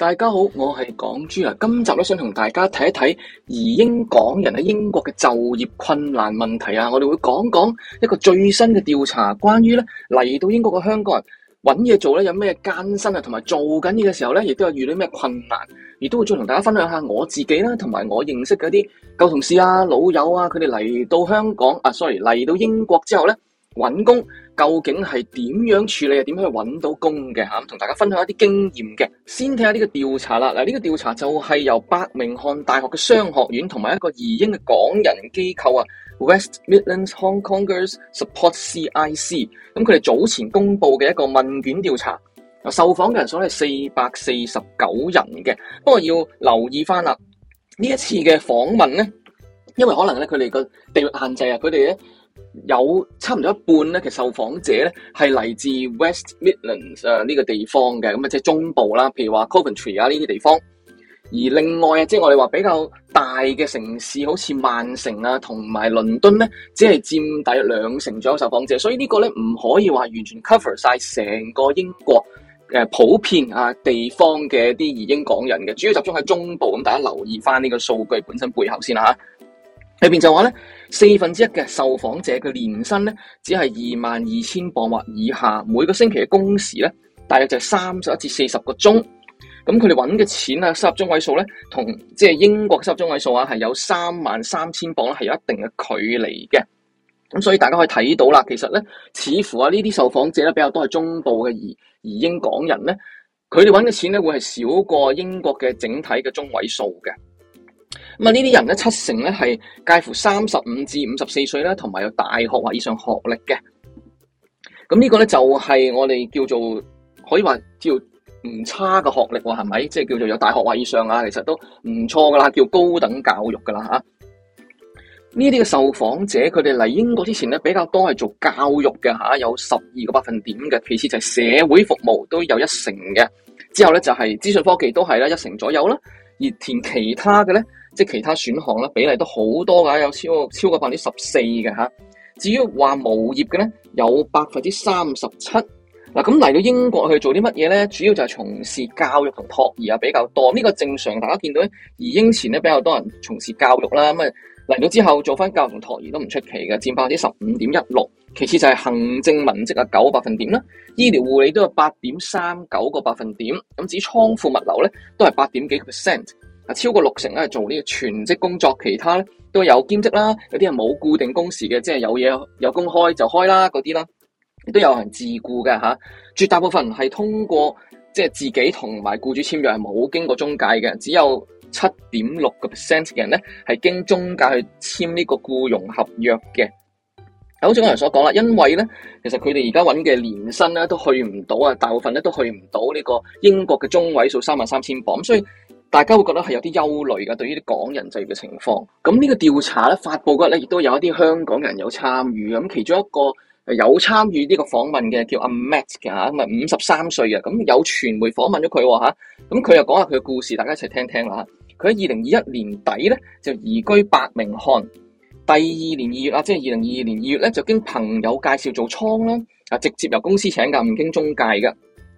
大家好，我係港豬啊，今集咧想同大家睇一睇移英港人喺英國嘅就業困難問題啊，我哋會講講一,一個最新嘅調查，關於咧嚟到英國嘅香港人揾嘢做咧有咩艱辛啊，同埋做緊嘢嘅時候咧，亦都有遇到咩困難，亦都會再同大家分享一下我自己啦，同埋我認識嗰啲舊同事啊、老友啊，佢哋嚟到香港啊，sorry 嚟到英國之後咧。搵工究竟係點樣處理啊？點樣去搵到工嘅吓？同大家分享一啲經驗嘅。先睇下呢個調查啦。嗱，呢個調查就係由伯明翰大學嘅商學院同埋一個移英嘅港人機構啊，West Midlands Hong Kongers Support CIC。咁佢哋早前公布嘅一個問卷調查，受訪嘅人數咧係四百四十九人嘅。不過要留意翻，啦，呢一次嘅訪問咧，因為可能咧佢哋個地域限制啊，佢哋咧。有差唔多一半咧，其受訪者咧係嚟自 West Midlands 啊呢個地方嘅，咁啊即係中部啦，譬如話 Coventry 啊呢啲地方。而另外啊，即係我哋話比較大嘅城市，好似曼城啊同埋倫敦咧，只係佔大約兩成左右的受訪者。所以個呢個咧唔可以話完全 cover 晒成個英國普遍啊地方嘅啲移英港人嘅，主要集中喺中部。咁大家留意翻呢個數據本身背後先啦裏邊就話咧，四分之一嘅受訪者嘅年薪咧，只係二萬二千鎊或以下，每個星期嘅工時咧，大約就係三十一至四十個鐘。咁佢哋搵嘅錢啊，收入中位數咧，同即係英國收入中位數啊，係有三萬三千鎊咧，係有一定嘅距離嘅。咁所以大家可以睇到啦，其實咧，似乎啊，呢啲受訪者咧，比較多係中部嘅移移英港人咧，佢哋搵嘅錢咧，會係少過英國嘅整體嘅中位數嘅。咁啊，呢啲人咧，七成咧係介乎三十五至五十四歲啦，同埋有大學或以上學歷嘅。咁呢個咧就係我哋叫做可以話叫唔差嘅學歷喎，係咪？即係叫做有大學或以上啊，其實都唔錯噶啦，叫高等教育噶啦吓。呢啲嘅受訪者，佢哋嚟英國之前咧，比較多係做教育嘅吓，有十二個百分點嘅。其次就係社會服務都有一成嘅，之後咧就係資訊科技都係咧一成左右啦。而填其他嘅咧。即係其他選項咧，比例都好多㗎，有超過超過百分之十四嘅嚇。至於話無業嘅咧，有百分之三十七。嗱，咁嚟到英國去做啲乜嘢咧？主要就係從事教育同托兒啊比較多。呢個正常，大家見到咧，移英前咧比較多人從事教育啦。咁啊嚟到之後做翻教育同托兒都唔出奇嘅，佔百分之十五點一六。其次就係行政文職啊，九個百分點啦。醫療護理都有八點三九個百分點。咁至於倉庫物流咧，都係八點幾 percent。超過六成咧係做呢個全職工作，其他咧都有兼職啦，有啲係冇固定工時嘅，即係有嘢有工開就開啦嗰啲啦，都有人自僱嘅嚇、啊。絕大部分人係通過即係自己同埋僱主簽約，係冇經過中介嘅，只有七點六個 percent 嘅人咧係經中介去簽呢個僱傭合約嘅。好似我哋所講啦，因為咧，其實佢哋而家揾嘅年薪咧都去唔到啊，大部分咧都去唔到呢個英國嘅中位數三萬三千磅咁，所以。大家會覺得係有啲憂慮㗎，對於啲港人制嘅情況。咁呢個調查咧，發布嗰日咧亦都有一啲香港人有參與。咁其中一個有參與呢個訪問嘅叫阿 Matt 嘅嚇，咁啊五十三歲嘅。咁有傳媒訪問咗佢喎嚇，咁、啊、佢又講下佢嘅故事，大家一齊聽聽啦嚇。佢喺二零二一年底咧就移居百名漢，第二年二月啊，即係二零二二年二月咧就經朋友介紹做倉啦，啊直接由公司請㗎，唔經中介㗎。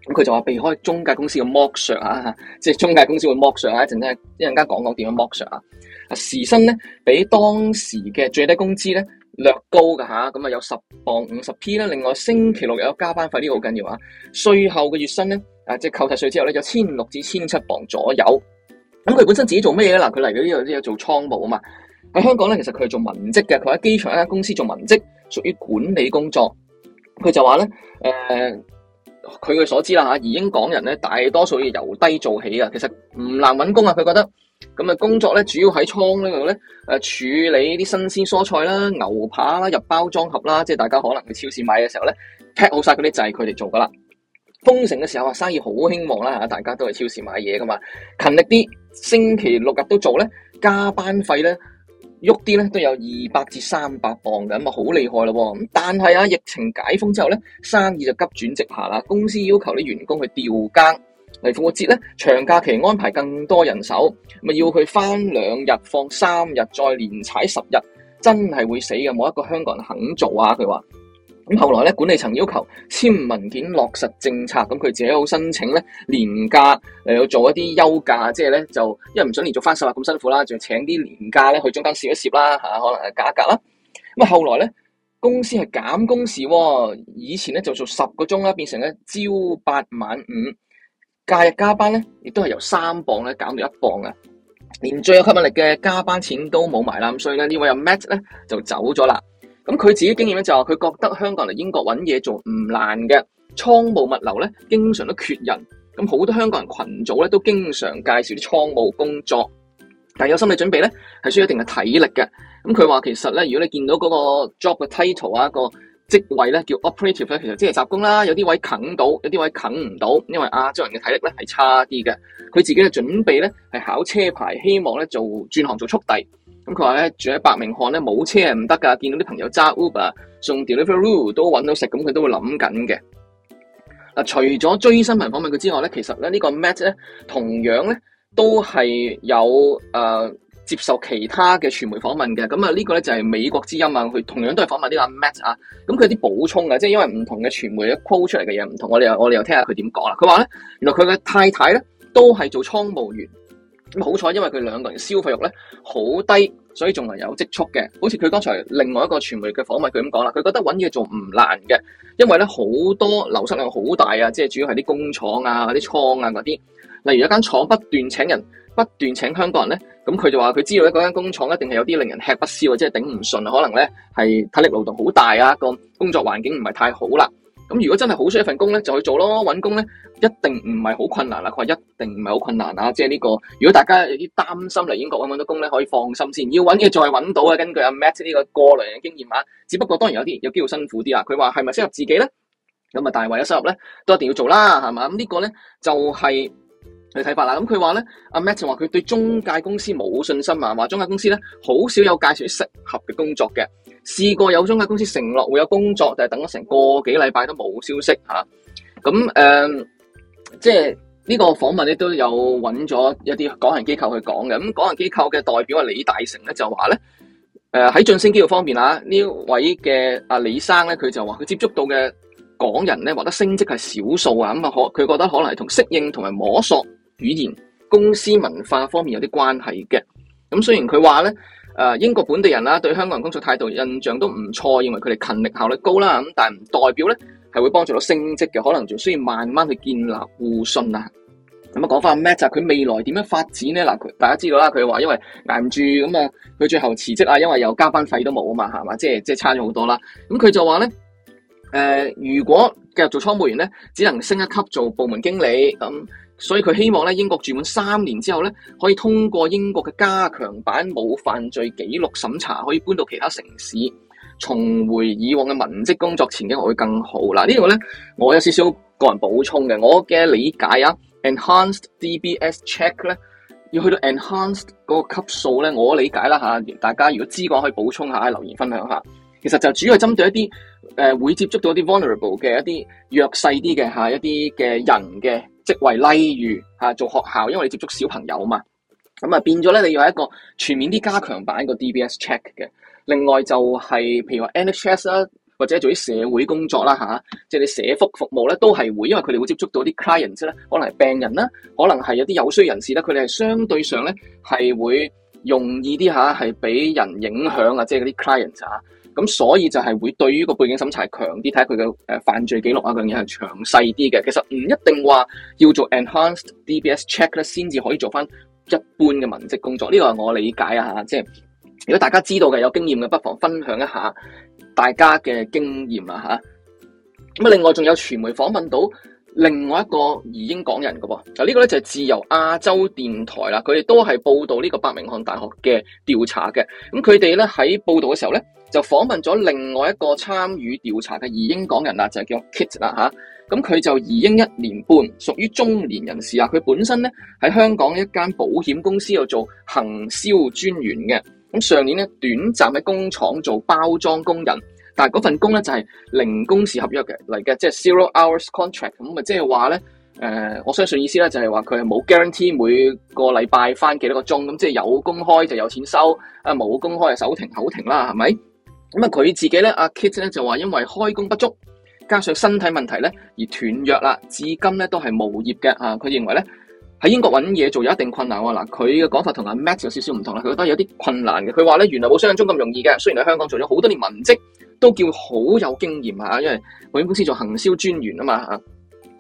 咁佢就話避開中介公司嘅剝削啊。即係中介公司會剝削啊。一陣真一陣間講講點樣剝削啊。時薪咧比當時嘅最低工資咧略高㗎嚇，咁啊有十磅五十 p 啦。另外星期六有加班費呢個，好緊要啊！稅後嘅月薪咧啊，即係扣曬稅之後咧，有千六至千七磅左右。咁佢本身自己做咩嘢咧？嗱，佢嚟到呢度都有做倉務啊嘛。喺香港咧，其實佢係做文職嘅，佢喺機場一間公司做文職，屬於管理工作。佢就話咧誒。呃佢嘅所知啦嚇，移英港人咧大多數由低做起啊，其實唔難揾工啊。佢覺得咁啊，工作咧主要喺倉呢度咧，誒處理啲新鮮蔬菜啦、牛扒啦、入包裝盒啦，即係大家可能去超市買嘅時候咧，pack 好晒嗰啲就係佢哋做噶啦。封城嘅時候啊，生意好興旺啦嚇，大家都去超市買嘢噶嘛，勤力啲，星期六日都做咧，加班費咧。喐啲咧都有二百至三百磅嘅咁啊，好厲害咯喎！但係啊，疫情解封之後咧，生意就急轉直下啦。公司要求啲員工去調更，嚟復活節咧，長假期安排更多人手，咪要佢翻兩日放三日，再連踩十日，真係會死嘅，冇一個香港人肯做啊！佢話。咁後來咧，管理層要求簽文件落實政策，咁佢自己好申請咧年假嚟到做一啲休假，即係咧就因為唔想連續翻十日咁辛苦啦，仲請啲年假咧去中間攝一攝啦，嚇，可能加一格啦。咁啊，後來咧公司係減工時喎，以前咧就做十個鐘啦，變成咧朝八晚五，假日加班咧亦都係由三磅咧減到一磅啊，連最有吸引力嘅加班錢都冇埋啦。咁所以咧呢位阿 Matt 咧就走咗啦。咁佢自己經驗咧就係佢覺得香港人嚟英國揾嘢做唔難嘅倉務物流咧，經常都缺人。咁好多香港人群組咧，都經常介紹啲倉務工作。但係有心理準備咧，係需要一定嘅體力嘅。咁佢話其實咧，如果你見到嗰個 job 嘅 title 啊，個職位咧叫 operative 咧，其實即係雜工啦。有啲位啃到，有啲位啃唔到，因為亞洲人嘅體力咧係差啲嘅。佢自己嘅準備咧係考車牌，希望咧做轉行做速遞。咁佢話咧住喺白明翰咧冇車係唔得噶，見到啲朋友揸 Uber 送 deliveroo 都搵到食，咁佢都會諗緊嘅。嗱，除咗追新聞訪問佢之外咧，其實咧呢、呢個 Matt 咧同樣咧都係有誒、呃、接受其他嘅傳媒訪問嘅。咁啊，呢個咧就係、是、美國之音啊，佢同樣都係訪問呢個 Matt 啊。咁佢啲補充啊，即係因為唔同嘅傳媒一 quote 出嚟嘅嘢唔同，我哋又我哋又聽下佢點講啦。佢話咧，原來佢嘅太太咧都係做倉務員。咁好彩，因為佢兩個人消費欲咧好低。所以仲係有積蓄嘅，好似佢剛才另外一個傳媒嘅訪問，佢咁講啦，佢覺得揾嘢做唔難嘅，因為咧好多流失量好大啊，即係主要係啲工廠啊、啲倉啊嗰啲、啊，例如有一間廠不斷請人，不斷請香港人咧，咁佢就話佢知道咧嗰間工廠一定係有啲令人吃不消，即係頂唔順，可能咧係體力勞動好大啊，個工作環境唔係太好啦。咁如果真係好需要一份工咧，就去做咯。揾工咧一定唔係好困難啦。佢話一定唔係好困難啊。即係呢個，如果大家有啲擔心嚟英國揾唔到工咧，可以放心先。要揾要再揾到啊。根據阿 Matt 呢個過嚟人嘅經驗啊，只不過當然有啲有機會辛苦啲啊。佢話係咪適合自己咧？咁啊，但係為咗收入咧，都一定要做啦，係嘛？咁呢個咧就係佢睇法啦。咁佢話咧，阿 Matt 就話佢對中介公司冇信心啊，話中介公司咧好少有介紹啲適合嘅工作嘅。試過有中介公司承諾會有工作，但係等咗成個幾禮拜都冇消息吓。咁、啊、誒、嗯，即係呢個訪問咧都有揾咗一啲港人機構去講嘅。咁、嗯、港人機構嘅代表阿李大成咧就話咧，誒、呃、喺晉升機會方面啊，位呢位嘅阿李生咧佢就話佢接觸到嘅港人咧，獲得升職係少數啊。咁啊可佢覺得可能係同適應同埋摸索語言、公司文化方面有啲關係嘅。咁、嗯、雖然佢話咧。誒英國本地人啦，對香港人工作態度印象都唔錯，認為佢哋勤力效率高啦，咁但係唔代表咧係會幫助到升職嘅，可能仲需要慢慢去建立互信啊。咁啊講翻 Matt，佢未來點樣發展咧？嗱，佢大家知道啦，佢話因為捱唔住咁啊，佢最後辭職啊，因為有加班費都冇啊嘛，係嘛？即係即係差咗好多啦。咁佢就話咧，誒、呃、如果繼續做倉務員咧，只能升一級做部門經理咁。所以佢希望咧，英國住滿三年之後咧，可以通過英國嘅加強版冇犯罪記錄審查，可以搬到其他城市，重回以往嘅文職工作前景會更好嗱。這個、呢個咧，我有少少個人補充嘅，我嘅理解啊。Enhanced DBS check 咧，要去到 enhanced 嗰個級數咧，我理解啦嚇。大家如果知嘅話，可以補充下，留言分享下。其實就主要係針對一啲誒、呃、會接觸到一啲 vulnerable 嘅一啲弱勢啲嘅嚇一啲嘅人嘅。即為例如嚇做學校，因為你接觸小朋友嘛，咁啊變咗咧，你要一個全面啲加強版個 DBS check 嘅。另外就係譬如話 NHS 啦，或者做啲社會工作啦嚇，即係你社福服務咧，都係會，因為佢哋會接觸到啲 clients 咧，可能係病人啦，可能係有啲有需要人士咧，佢哋係相對上咧係會容易啲嚇，係俾人影響啊，即係嗰啲 clients 啊。咁所以就係會對於個背景審查強啲，睇下佢嘅誒犯罪記錄啊，嗰樣嘢係詳細啲嘅。其實唔一定話要做 enhanced DBS check 咧，先至可以做翻一般嘅文職工作。呢個係我理解啊，嚇！即係如果大家知道嘅、有經驗嘅，不妨分享一下大家嘅經驗啊。嚇。咁啊，另外仲有傳媒訪問到。另外一個移英港人嘅噃，嗱、這、呢個咧就係自由亞洲電台啦，佢哋都係報道呢個伯明翰大學嘅調查嘅。咁佢哋咧喺報道嘅時候咧，就訪問咗另外一個參與調查嘅移英港人啦，就係叫 Kit 啦、啊、吓，咁佢就移英一年半，屬於中年人士啊。佢本身咧喺香港一間保險公司度做行銷專員嘅。咁上年咧短暫喺工廠做包裝工人。但係嗰份工咧就係零工時合約嘅嚟嘅，即係 zero hours contract 咁啊，即係話咧誒，我相信意思咧就係話佢係冇 guarantee 每個禮拜翻幾多個鐘咁，即係有工開就有錢收，啊，冇工開就手停口停啦，係咪咁啊？佢自己咧，阿 Kit 咧就話因為開工不足，加上身體問題咧而斷約啦，至今咧都係無業嘅啊。佢認為咧喺英國搵嘢做有一定困難喎。嗱，佢嘅講法同阿 Matt 有少少唔同啦，佢覺得有啲困難嘅。佢話咧原來冇想像中咁容易嘅，雖然喺香港做咗好多年文職。都叫好有經驗嚇，因為保險公司做行銷專員啊嘛嚇。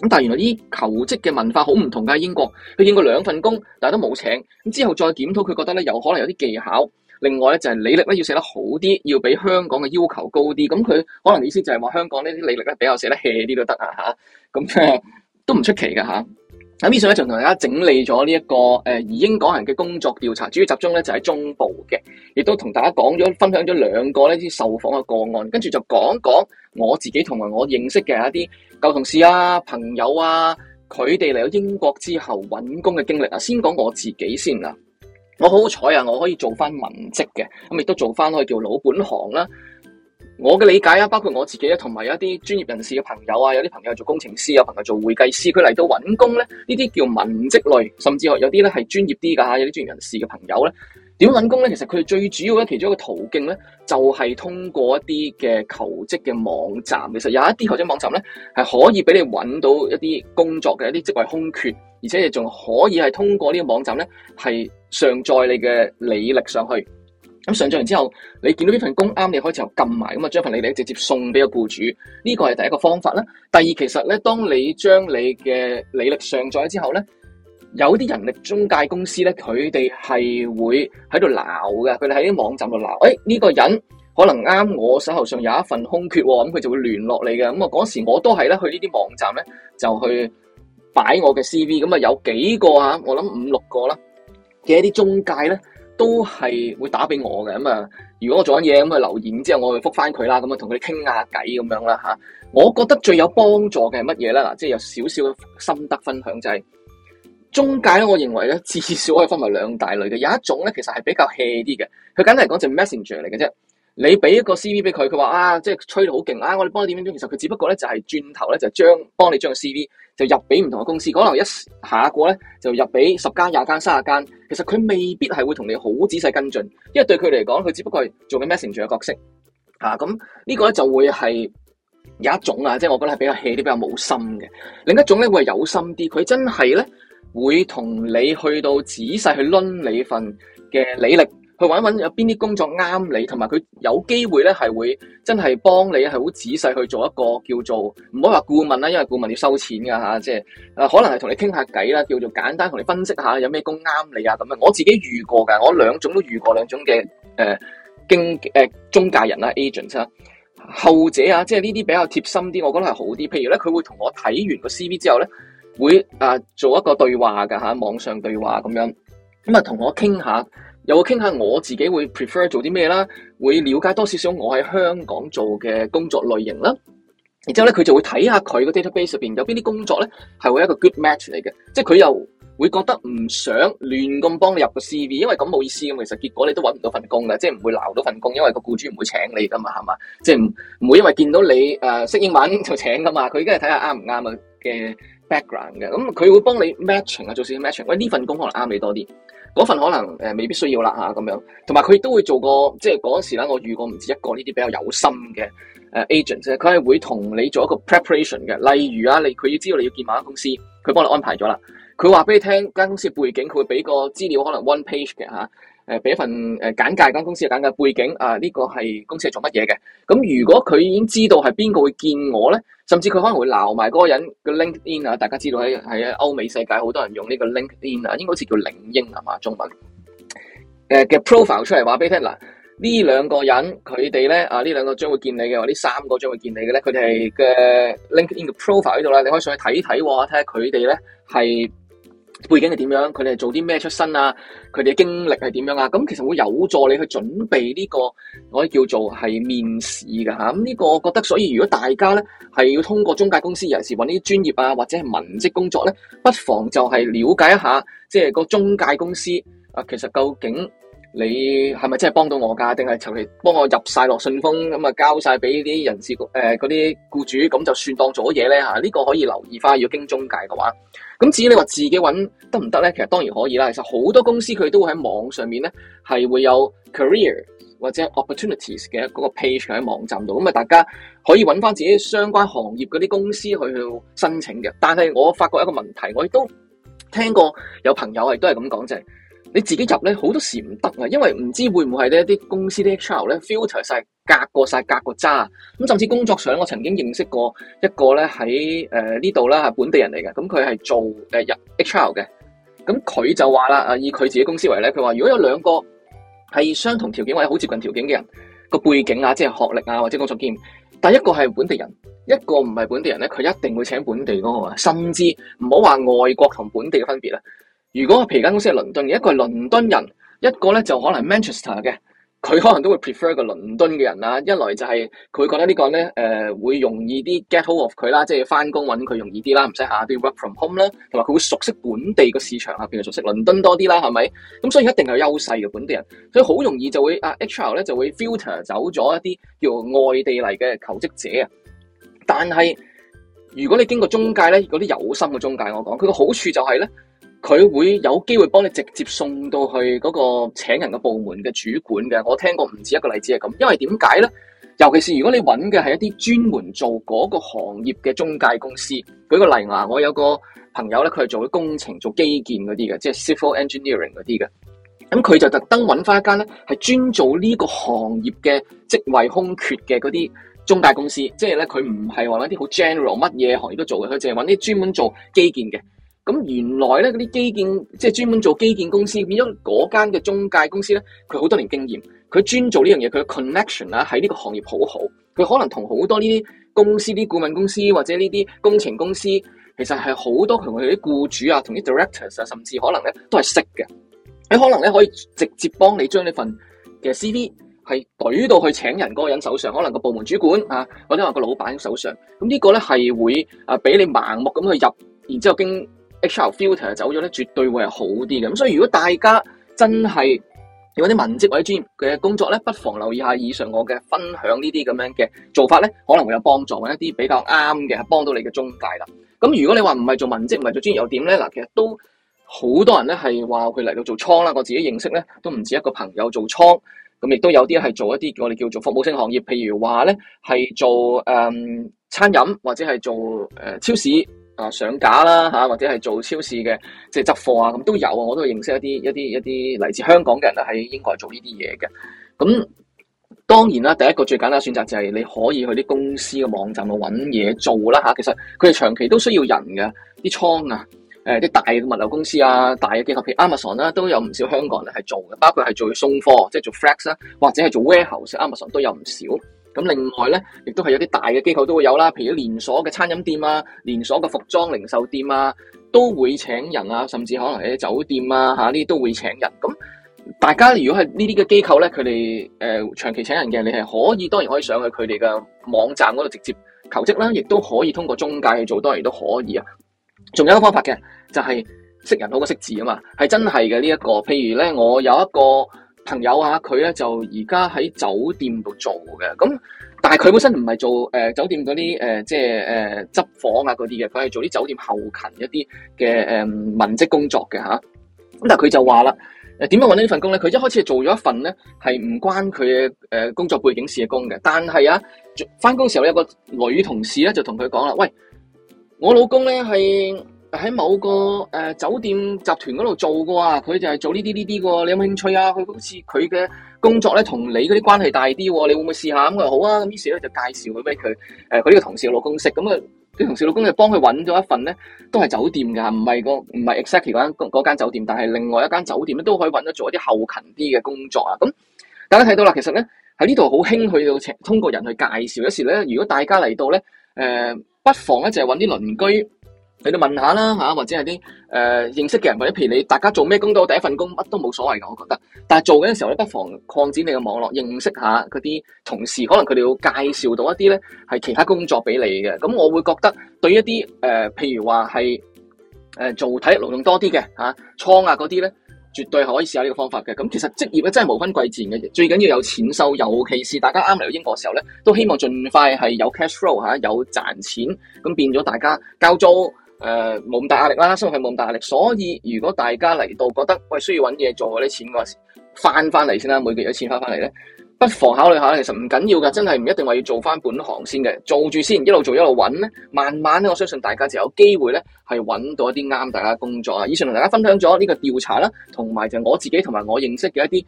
咁但係原來啲求職嘅文化好唔同㗎，英國佢應過兩份工，但係都冇請。咁之後再檢討，佢覺得咧有可能有啲技巧。另外咧就係履歷咧要寫得好啲，要比香港嘅要求高啲。咁佢可能意思就係話香港呢啲履歷咧比較寫得 hea 啲都得啊嚇。咁、即係、都唔出奇㗎嚇。咁以上咧就同大家整理咗呢一個移英港人嘅工作調查，主要集中咧就喺中部嘅，亦都同大家講咗分享咗兩個呢啲受訪嘅個案，跟住就講講我自己同埋我認識嘅一啲舊同事啊朋友啊，佢哋嚟咗英國之後揾工嘅經歷啊。先講我自己先啦，我好好彩啊，我可以做返文職嘅，咁亦都做返可以叫老本行啦、啊。我嘅理解啊，包括我自己啊，同埋有一啲專業人士嘅朋友啊，有啲朋友做工程師，有朋友做會計師，佢嚟到揾工咧，呢啲叫文職類，甚至有啲咧係專業啲噶嚇，有啲專業人士嘅朋友咧，點揾工咧？其實佢哋最主要咧，其中一個途徑咧，就係通過一啲嘅求職嘅網站。其實有一啲求職網站咧，係可以俾你揾到一啲工作嘅一啲職位空缺，而且你仲可以係通過呢個網站咧，係上載你嘅履歷上去。咁上載完之後，你見到呢份工啱，你可以就撳埋，咁啊將份履歷直接送俾個僱主。呢個係第一個方法啦。第二，其實咧，當你將你嘅履歷上咗之後咧，有啲人力中介公司咧，佢哋係會喺度鬧嘅。佢哋喺啲網站度鬧，誒、哎、呢、呢個人可能啱我手頭上有一份空缺，咁、嗯、佢就會聯絡你嘅。咁啊嗰時我都係咧去呢啲網站咧就去擺我嘅 C V、嗯。咁啊有幾個啊？我諗五六個啦嘅一啲中介咧。都係會打俾我嘅，咁啊，如果我做緊嘢，咁啊留言之後，我會復翻佢啦，咁啊同佢傾下偈咁樣啦吓。我覺得最有幫助嘅係乜嘢咧？嗱，即係有少少心得分享，就係、是、中介咧。我認為咧，至少可以分為兩大類嘅，有一種咧其實係比較 hea 啲嘅，佢簡單嚟講就係 messenger 嚟嘅啫。你俾一個 CV 俾佢，佢話啊，即係吹到好勁啊！我哋幫你點點點，其實佢只不過咧就係、是、轉頭咧就是、將幫你將個 CV 就入俾唔同嘅公司，可能一下個咧就入俾十間、廿間、三十間，其實佢未必係會同你好仔細跟進，因為對佢嚟講，佢只不過係做緊 messenger 嘅角色咁、啊、呢個咧就會係有一種啊，即、就、係、是、我覺得係比較氣啲、比較冇心嘅；另一種咧會係有心啲，佢真係咧會同你去到仔細去攆你份嘅履歷。去揾揾有邊啲工作啱你，同埋佢有機會咧，係會真係幫你係好仔細去做一個叫做唔好話顧問啦，因為顧問要收錢嘅嚇，即、啊、係、就是、啊，可能係同你傾下偈啦，叫做簡單同你分析下有咩工啱你啊咁啊。我自己遇過嘅，我兩種都遇過兩種嘅誒、啊、經誒、啊、中介人啦，agent 啦、啊，後者啊，即係呢啲比較貼心啲，我覺得係好啲。譬如咧，佢會同我睇完個 CV 之後咧，會啊做一個對話嘅嚇、啊，網上對話咁樣咁啊，同我傾下。又會傾下我自己會 prefer 做啲咩啦，會了解多少少我喺香港做嘅工作類型啦。然之後咧，佢就會睇下佢個 database 入邊有邊啲工作咧係會一個 good match 嚟嘅，即係佢又會覺得唔想亂咁幫你入個 CV，因為咁冇意思咁。其實結果你都揾唔到份工嘅，即係唔會撈到份工，因為個僱主唔會請你噶嘛，係嘛？即係唔會因為見到你誒、呃、識英文就請噶嘛。佢而家係睇下啱唔啱啊嘅 background 嘅。咁、嗯、佢會幫你 matching 啊，做少少 matching。喂，呢份工可能啱你多啲。嗰份可能、呃、未必需要啦咁樣，同埋佢亦都會做個即係嗰陣時咧，我遇過唔止一個呢啲比較有心嘅、呃、agent 佢係會同你做一個 preparation 嘅，例如啊，你佢要知道你要見某間公司，佢幫你安排咗啦，佢話俾你聽間公司嘅背景，佢會俾個資料可能 one page 嘅誒俾一份誒簡介，間公司嘅簡介背景，啊呢、這個係公司係做乜嘢嘅？咁如果佢已經知道係邊個會見我咧，甚至佢可能會鬧埋嗰個人嘅 LinkedIn 啊！大家知道喺喺啊歐美世界好多人用呢個 LinkedIn 啊，應該似叫領英啊嘛中文？誒、啊、嘅 profile 出嚟話俾你聽，嗱呢兩個人佢哋咧啊呢兩個將會見你嘅，或者呢三個將會見你嘅咧，佢哋嘅 LinkedIn 嘅 profile 喺度啦，你可以上去睇睇喎，睇下佢哋咧係。看看背景係點樣？佢哋做啲咩出身啊？佢哋嘅經歷係點樣啊？咁其實會有助你去準備呢個我哋叫做係面試㗎嚇。咁呢個我覺得，所以如果大家咧係要通過中介公司，尤其是搵呢啲專業啊或者係文職工作咧，不妨就係了解一下，即係個中介公司啊，其實究竟。你係咪真係幫到我噶？定係求其幫我入晒落信封，咁啊？交晒俾啲人事顧誒嗰啲僱主咁，就算當咗嘢咧吓？呢個可以留意翻。要經中介嘅話，咁至於你話自己搵得唔得咧？其實當然可以啦。其實好多公司佢都會喺網上面咧係會有 career 或者 opportunities 嘅嗰個 page 喺網站度，咁啊大家可以搵翻自己相關行業嗰啲公司去去申請嘅。但係我發覺一個問題，我亦都聽過有朋友係都係咁講就係。你自己入咧，好多時唔得啊，因為唔知會唔會係咧啲公司啲 HR 咧 filter 晒隔過晒隔個渣。咁、嗯、甚至工作上，我曾經認識過一個咧喺呢度啦，係、呃、本地人嚟嘅。咁佢係做入、呃、HR 嘅。咁、嗯、佢就話啦，啊以佢自己公司為例，佢話如果有兩個係相同條件或者好接近條件嘅人，個背景啊，即係學歷啊或者工作經驗，但一個係本地人，一個唔係本地人咧，佢一定會請本地嗰、嗰個啊，甚至唔好話外國同本地嘅分別啦。如果譬如一間公司係倫敦嘅，一個係倫敦人，一個咧就可能 Manchester 嘅，佢可能都會 prefer 一個倫敦嘅人啦。一來就係佢覺得個呢個咧，誒、呃、會容易啲 get hold of 佢啦，即係返工搵佢容易啲啦，唔使下啲 work from home 啦，同埋佢會熟悉本地個市場啊，比較熟悉倫敦多啲啦，係咪？咁所以一定有優勢嘅本地人，所以好容易就會啊 HR 咧就會 filter 走咗一啲叫外地嚟嘅求職者啊。但係如果你經過中介咧，嗰啲有心嘅中介我，我講佢個好處就係咧。佢會有機會幫你直接送到去嗰個請人嘅部門嘅主管嘅。我聽過唔止一個例子係咁，因為點解咧？尤其是如果你揾嘅係一啲專門做嗰個行業嘅中介公司。舉個例啊，我有個朋友咧，佢係做工程、做基建嗰啲嘅，即係 Civil Engineering 嗰啲嘅。咁佢就特登揾翻一間咧，係專做呢個行業嘅職位空缺嘅嗰啲中介公司。即係咧，佢唔係話揾啲好 general 乜嘢行業都做嘅，佢淨係揾啲專門做基建嘅。咁原來咧，嗰啲基建即係專門做基建公司，變咗嗰間嘅中介公司咧，佢好多年經驗，佢專做呢樣嘢，佢嘅 connection 喺呢個行業好好。佢可能同好多呢啲公司、啲顧問公司或者呢啲工程公司，其實係好多同佢啲僱主啊、同啲 directors 啊，甚至可能咧都係識嘅。你可能咧可以直接幫你將呢份嘅 C.V. 係舉到去請人嗰個人手上，可能個部門主管啊或者話個老闆手上。咁呢個咧係會啊俾你盲目咁去入，然之後經。Excel filter 走咗咧，絕對會係好啲嘅。咁所以如果大家真係有啲文職或者專業嘅工作咧，不妨留意下以上我嘅分享呢啲咁樣嘅做法咧，可能會有幫助，或者一啲比較啱嘅，係幫到你嘅中介啦。咁如果你話唔係做文職，唔係做專業又點咧？嗱，其實都好多人咧係話佢嚟到做倉啦。我自己認識咧，都唔止一個朋友做倉，咁亦都有啲係做一啲叫我哋叫做服務性行業，譬如話咧係做、嗯餐飲或者係做誒超市啊上架啦吓，或者係做超市嘅，即係執貨啊，咁都有啊，我都係認識一啲一啲一啲嚟自香港嘅人啊喺英國做呢啲嘢嘅。咁當然啦，第一個最簡單選擇就係你可以去啲公司嘅網站度搵嘢做啦吓。其實佢哋長期都需要人嘅，啲倉啊，誒、呃、啲大物流公司啊，大嘅機構，譬如 Amazon 啦，都有唔少香港人係做嘅，包括係做送貨，即係做 Flex 啦，或者係做 Warehouse，Amazon 都有唔少。咁另外咧，亦都係有啲大嘅機構都會有啦，譬如連鎖嘅餐飲店啊，連鎖嘅服裝零售店啊，都會請人啊，甚至可能係啲酒店啊，呢啲都會請人。咁、嗯、大家如果係呢啲嘅機構咧，佢哋誒長期請人嘅，你係可以當然可以上去佢哋嘅網站嗰度直接求職啦，亦都可以通過中介去做，當然都可以啊。仲有一個方法嘅，就係識人好過識字啊嘛，係真係嘅呢一個。譬如咧，我有一個朋友啊，佢咧就而家喺酒店度做嘅，咁但係佢本身唔係做誒、呃、酒店嗰啲誒即係誒執房啊嗰啲嘅，佢係做啲酒店後勤一啲嘅誒文職工作嘅吓。咁、啊、但係佢就話啦，誒點樣搵到呢份工咧？佢一開始做咗一份咧係唔關佢誒、呃、工作背景事嘅工嘅，但係啊翻工時候有一個女同事咧就同佢講啦，喂，我老公咧係。是喺某個誒、呃、酒店集團嗰度做過啊，佢就係做呢啲呢啲喎，你有冇興趣啊？佢好似佢嘅工作咧，同你嗰啲關係大啲喎、啊，你會唔會試下？咁佢話好啊，咁於是咧就介紹佢俾佢誒佢呢個同事老公識，咁啊啲同事老公就幫佢揾咗一份咧，都係酒店㗎，唔係個唔係 exactly 嗰間，嗰間酒店，但係另外一間酒店咧都可以揾得做一啲後勤啲嘅工作啊！咁、嗯、大家睇到啦，其實咧喺呢度好興去到通過人去介紹呢，有時咧如果大家嚟到咧、呃、不妨咧就係揾啲鄰居。你哋問下啦，嚇或者係啲誒認識嘅人，或者、呃、譬如你大家做咩工都第一份工乜都冇所謂嘅，我覺得。但係做緊嘅時候咧，你不妨擴展你嘅網絡，認識下嗰啲同事，可能佢哋要介紹到一啲咧係其他工作俾你嘅。咁我會覺得對一啲誒、呃，譬如話係誒做體力勞動多啲嘅嚇，倉啊嗰啲咧，絕對可以試下呢個方法嘅。咁其實職業咧真係無分貴賤嘅，最緊要有錢收。尤其是大家啱嚟到英國嘅時候咧，都希望盡快係有 cash flow 嚇、啊，有賺錢咁變咗大家交租。誒、呃，冇咁大壓力啦，生活係冇咁大壓力，所以如果大家嚟到覺得喂需要搵嘢做好啲錢陣時，我翻翻嚟先啦，每個月有錢翻翻嚟咧，不妨考慮下。其實唔緊要㗎，真係唔一定話要做翻本行先嘅，做住先，一路做一路搵咧，慢慢咧，我相信大家就有機會咧，係搵到一啲啱大家工作啊。以上同大家分享咗呢個調查啦，同埋就我自己同埋我認識嘅一啲。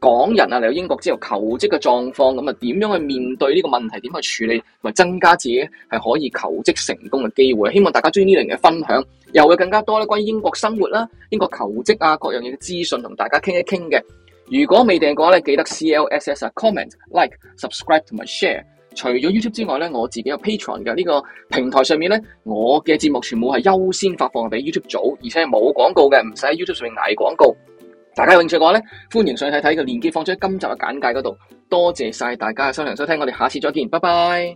港人啊嚟到英國之後求職嘅狀況，咁啊點樣去面對呢個問題？點去處理？同埋增加自己係可以求職成功嘅機會？希望大家鍾意呢類嘅分享，又會更加多關於英國生活啦、英國求職啊各樣嘢嘅資訊，同大家傾一傾嘅。如果未訂嘅話咧，記得 C L S S 啊，comment like subscribe 同埋 share。除咗 YouTube 之外咧，我自己有 Patreon 嘅呢個平台上面咧，我嘅節目全部係優先發放俾 YouTube 組，而且係冇廣告嘅，唔使喺 YouTube 上面捱廣告。大家有興趣嘅話呢，歡迎上睇睇個鏈接，放咗喺今集嘅簡介嗰度。多謝晒大家嘅收看收聽，我哋下次再見，拜拜。